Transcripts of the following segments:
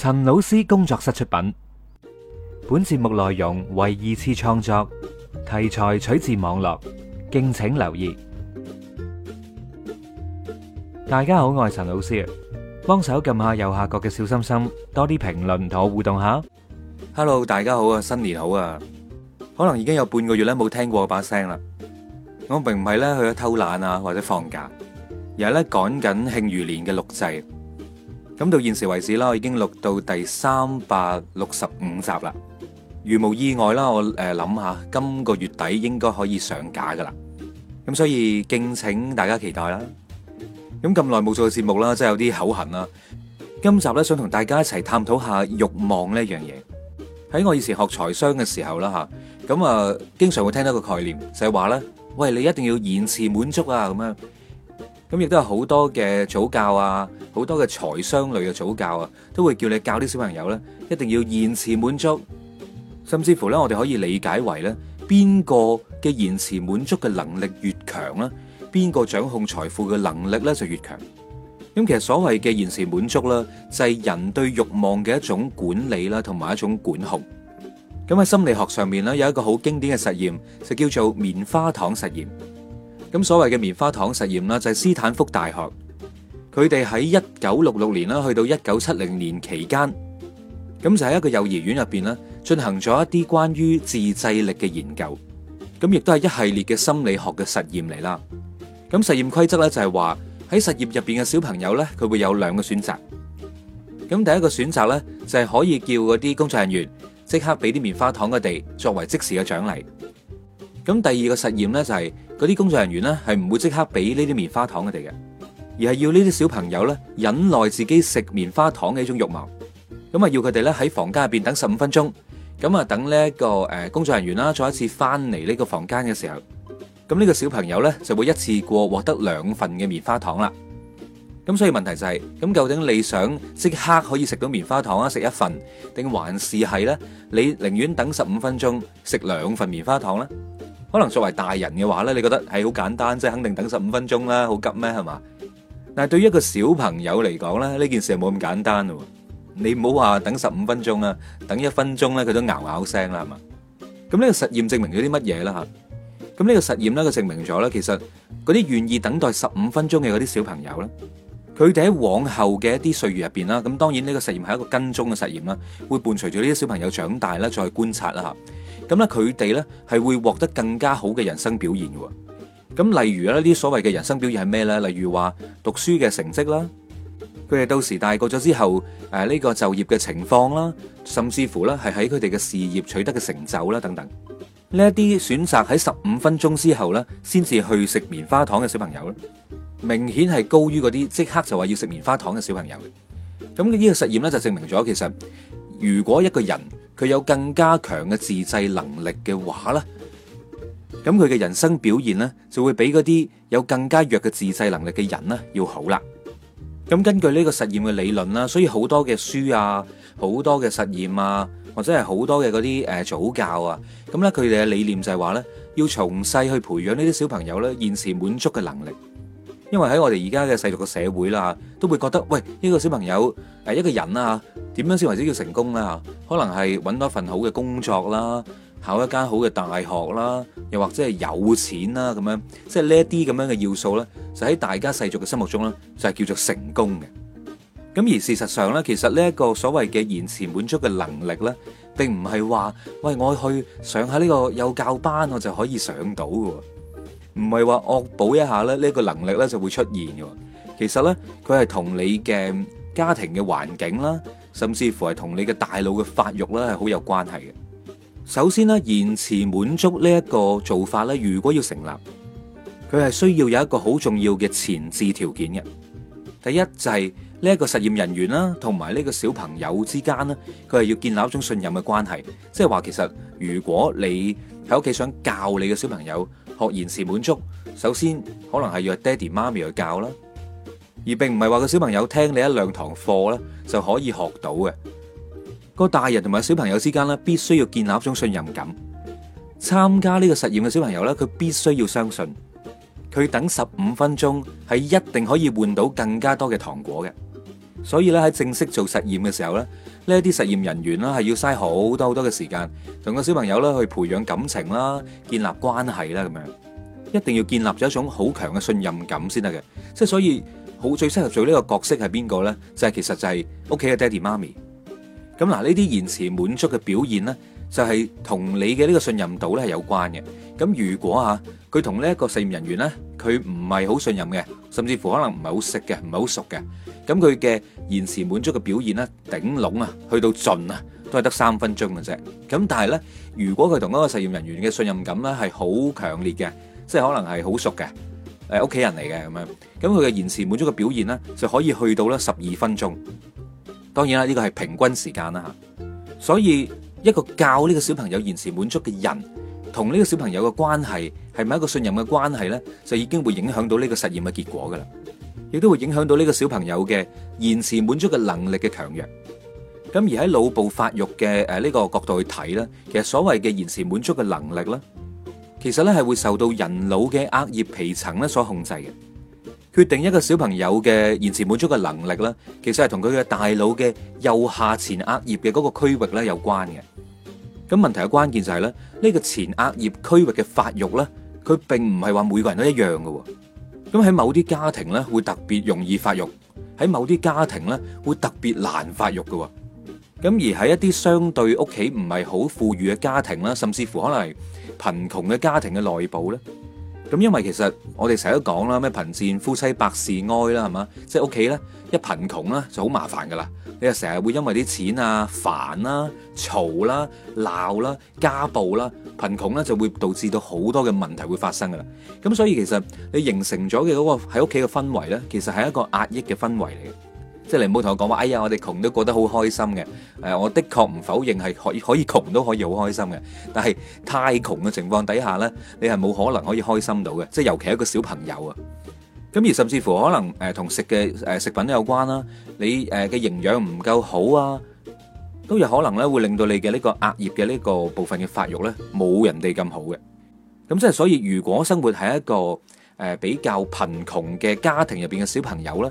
陳老師工作室出品，本節目內容為二次創作，題材取自網絡，敬請留意。大家好，我係陳老師，幫手撳下右下角嘅小心心，多啲評論同我互動下。Hello，大家好啊，新年好啊，可能已經有半個月咧冇聽過我把聲啦，我並唔係咧去咗偷懶啊，或者放假，而係咧趕緊慶餘年嘅錄製。咁到現時為止啦，我已經錄到第三百六十五集啦。如無意外啦，我誒諗下，今個月底應該可以上架噶啦。咁所以敬請大家期待啦。咁咁耐冇做嘅節目啦，真係有啲口痕啦。今集咧想同大家一齊探討下欲望呢樣嘢。喺我以前學財商嘅時候啦吓，咁啊經常會聽到個概念就係話咧，喂你一定要延遲滿足啊咁樣。咁亦都有好多嘅早教啊，好多嘅財商類嘅早教啊，都會叫你教啲小朋友咧，一定要延遲滿足，甚至乎咧，我哋可以理解為咧，邊個嘅延遲滿足嘅能力越強咧，邊個掌控財富嘅能力咧就越強。咁其實所謂嘅延遲滿足啦，就係人對欲望嘅一種管理啦，同埋一種管控。咁喺心理學上面咧，有一個好經典嘅實驗，就叫做棉花糖實驗。咁所謂嘅棉花糖實驗啦，就係斯坦福大學，佢哋喺一九六六年啦，去到一九七零年期間，咁就喺一個幼兒園入邊啦，進行咗一啲關於自制力嘅研究，咁亦都係一系列嘅心理學嘅實驗嚟啦。咁實驗規則咧就係話喺實驗入邊嘅小朋友咧，佢會有兩個選擇。咁第一個選擇咧就係可以叫嗰啲工作人員即刻俾啲棉花糖佢哋，作為即時嘅獎勵。咁第二個實驗咧就係、是。嗰啲工作人員咧係唔會即刻俾呢啲棉花糖佢哋嘅，而係要呢啲小朋友咧忍耐自己食棉花糖嘅一種慾望，咁啊要佢哋咧喺房間入邊等十五分鐘，咁啊等呢一個誒工作人員啦再一次翻嚟呢個房間嘅時候，咁呢個小朋友咧就會一次過獲得兩份嘅棉花糖啦。咁所以問題就係，咁究竟你想即刻可以食到棉花糖啊？食一份，定還是係咧你寧願等十五分鐘食兩份棉花糖咧？可能作為大人嘅話咧，你覺得係好簡單，即係肯定等十五分鐘啦，好急咩係嘛？但係對於一個小朋友嚟講咧，呢件事係冇咁簡單咯。你唔好話等十五分鐘啦，等一分鐘咧佢都咬咬聲啦係嘛？咁呢個實驗證明咗啲乜嘢啦吓？咁呢個實驗咧，佢證明咗咧，其實嗰啲願意等待十五分鐘嘅嗰啲小朋友咧，佢哋喺往後嘅一啲歲月入邊啦，咁當然呢個實驗係一個跟蹤嘅實驗啦，會伴隨住呢啲小朋友長大啦，再觀察啦吓。咁咧，佢哋咧係會獲得更加好嘅人生表現嘅。咁例如呢啲所謂嘅人生表現係咩咧？例如話讀書嘅成績啦，佢哋到時大個咗之後，誒呢個就業嘅情況啦，甚至乎咧係喺佢哋嘅事業取得嘅成就啦等等。呢一啲選擇喺十五分鐘之後咧，先至去食棉花糖嘅小朋友咧，明顯係高於嗰啲即刻就話要食棉花糖嘅小朋友嘅。咁呢個實驗咧就證明咗，其實如果一個人，佢有更加強嘅自制能力嘅話咧，咁佢嘅人生表現咧就會比嗰啲有更加弱嘅自制能力嘅人咧要好啦。咁根據呢個實驗嘅理論啦，所以好多嘅書啊，好多嘅實驗啊，或者係好多嘅嗰啲誒早教啊，咁咧佢哋嘅理念就係話咧，要從細去培養呢啲小朋友咧延遲滿足嘅能力。因為喺我哋而家嘅世俗嘅社會啦，都會覺得喂呢個小朋友誒、呃、一個人啊點樣先為之叫成功咧？可能係搵到一份好嘅工作啦，考一間好嘅大學啦，又或者係有錢啦咁樣，即係呢一啲咁樣嘅要素咧，就喺大家世俗嘅心目中咧，就係叫做成功嘅。咁而事實上咧，其實呢一個所謂嘅延遲滿足嘅能力咧，並唔係話喂我去上下呢個幼教班，我就可以上到唔係話惡補一下咧，呢一個能力咧就會出現嘅。其實咧，佢係同你嘅家庭嘅環境啦，甚至乎係同你嘅大腦嘅發育咧，係好有關係嘅。首先咧，延遲滿足呢一個做法咧，如果要成立，佢係需要有一個好重要嘅前置條件嘅。第一就係呢一個實驗人員啦，同埋呢個小朋友之間咧，佢係要建立一種信任嘅關係，即係話其實如果你喺屋企想教你嘅小朋友。學延遲滿足，首先可能係要爹哋媽咪去教啦，而並唔係話個小朋友聽你一兩堂課啦就可以學到嘅。個大人同埋小朋友之間咧，必須要建立一種信任感。參加呢個實驗嘅小朋友咧，佢必須要相信佢等十五分鐘係一定可以換到更加多嘅糖果嘅。所以咧，喺正式做實驗嘅時候咧，呢一啲實驗人員啦係要嘥好多好多嘅時間，同個小朋友咧去培養感情啦、建立關係啦咁樣，一定要建立咗一種好強嘅信任感先得嘅。即係所以好最適合做呢個角色係邊個咧？就係其實就係屋企嘅爹哋媽咪。咁嗱，呢啲延遲滿足嘅表現咧。就係同你嘅呢個信任度咧係有關嘅。咁如果吓佢同呢一個實驗人員咧，佢唔係好信任嘅，甚至乎可能唔係好識嘅，唔係好熟嘅。咁佢嘅延遲滿足嘅表現咧，頂籠啊，去到盡啊，都係得三分鐘嘅啫。咁但係咧，如果佢同嗰個實驗人員嘅信任感咧係好強烈嘅，即係可能係好熟嘅，誒屋企人嚟嘅咁樣。咁佢嘅延遲滿足嘅表現咧，就可以去到咧十二分鐘。當然啦，呢個係平均時間啦吓。所以。一個教呢個小朋友延遲滿足嘅人，同呢個小朋友嘅關係係咪一個信任嘅關係咧，就已經會影響到呢個實驗嘅結果噶啦，亦都會影響到呢個小朋友嘅延遲滿足嘅能力嘅強弱。咁而喺腦部發育嘅誒呢個角度去睇咧，其實所謂嘅延遲滿足嘅能力咧，其實咧係會受到人腦嘅額葉皮層咧所控制嘅。決定一個小朋友嘅延遲滿足嘅能力咧，其實係同佢嘅大腦嘅右下前額葉嘅嗰個區域咧有關嘅。咁問題嘅關鍵就係咧，呢個前額葉區域嘅發育咧，佢並唔係話每個人都一樣嘅。咁喺某啲家庭咧會特別容易發育，喺某啲家庭咧會特別難發育嘅。咁而喺一啲相對屋企唔係好富裕嘅家庭啦，甚至乎可能係貧窮嘅家庭嘅內部咧。咁因為其實我哋成日都講啦，咩貧賤夫妻百事哀啦，係嘛？即係屋企咧一貧窮啦就好麻煩噶啦，你又成日會因為啲錢啊煩啦、嘈啦、鬧啦、家暴啦，貧窮咧就會導致到好多嘅問題會發生噶啦。咁所以其實你形成咗嘅嗰個喺屋企嘅氛圍咧，其實係一個壓抑嘅氛圍嚟嘅。即係你唔好同我講話，哎呀，我哋窮都過得好開心嘅。誒，我的確唔否認係可以可以窮都可以好開心嘅，但係太窮嘅情況底下咧，你係冇可能可以開心到嘅。即係尤其係一個小朋友啊，咁而甚至乎可能誒同食嘅誒食品都有關啦，你誒嘅營養唔夠好啊，都有可能咧會令到你嘅呢個額葉嘅呢個部分嘅發育咧冇人哋咁好嘅。咁即係所以，如果生活喺一個誒比較貧窮嘅家庭入邊嘅小朋友咧，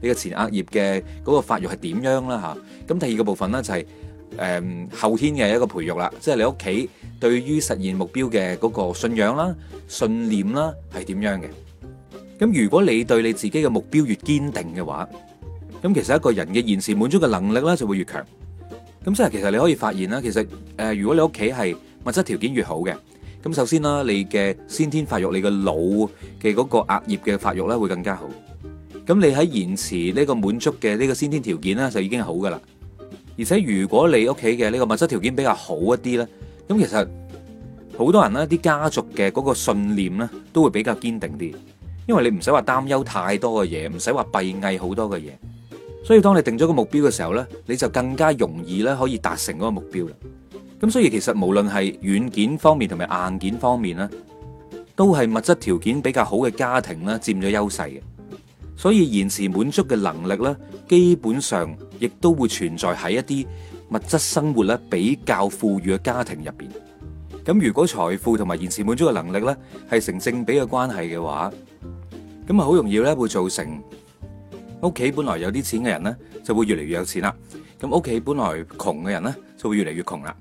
你嘅前額葉嘅嗰個發育係點樣啦嚇？咁第二個部分咧就係、是、誒、嗯、後天嘅一個培育啦，即係你屋企對於實現目標嘅嗰個信仰啦、信念啦係點樣嘅？咁如果你對你自己嘅目標越堅定嘅話，咁其實一個人嘅延遲滿足嘅能力咧就會越強。咁即係其實你可以發現啦，其實誒如果你屋企係物質條件越好嘅，咁首先啦，你嘅先天發育、你嘅腦嘅嗰個額葉嘅發育咧會更加好。咁你喺延遲呢個滿足嘅呢個先天條件咧，就已經好噶啦。而且如果你屋企嘅呢個物質條件比較好一啲咧，咁其實好多人咧，啲家族嘅嗰個信念咧，都會比較堅定啲。因為你唔使話擔憂太多嘅嘢，唔使話閉翳好多嘅嘢。所以當你定咗個目標嘅時候咧，你就更加容易咧可以達成嗰個目標啦。咁所以其實無論係軟件方面同埋硬件方面咧，都係物質條件比較好嘅家庭咧佔咗優勢嘅。所以延遲滿足嘅能力咧，基本上亦都會存在喺一啲物質生活咧比較富裕嘅家庭入邊。咁如果財富同埋延遲滿足嘅能力咧係成正比嘅關係嘅話，咁啊好容易咧會造成屋企本來有啲錢嘅人咧就會越嚟越有錢啦。咁屋企本來窮嘅人咧就會越嚟越窮啦。